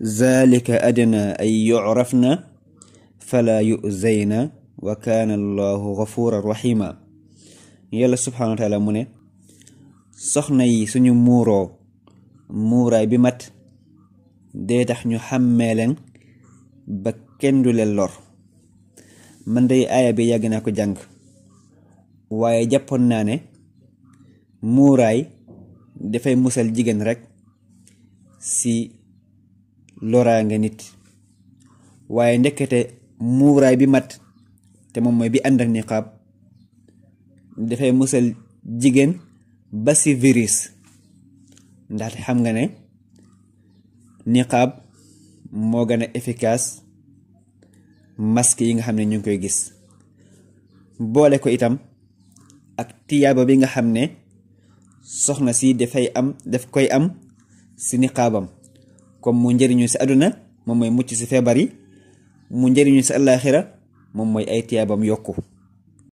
zalika adna ay yurafna fala yuzayna wa kaana allahu gafuran rahima yàlla subhanahu mu ne soxna yi suñu muuroo muuraay bi mat dee tax ñu xàmmee leen ba kenn du leen lor man day aaya bi yàgg naa ko jàng waaye jàppoon naa ne muuraay dafay musal jigéen rekk si loraa nit waaye ndekkete muuraay bi mat te moom mooy bi ànd ak niqaab dafay musal jigéen ba si virus ndaxte xam nga ne niqaab moo gën a efficace yi nga xam ne ñu ngi koy gis boole ko itam ak tiyaaba bi nga xam ne soxna si dafay am daf koy am si niqaabam comme mu njëriñu si àdduna moom mooy mucc si feebar yi mu njëriñu si àllaaxira moom mooy ay tiyaabam yokku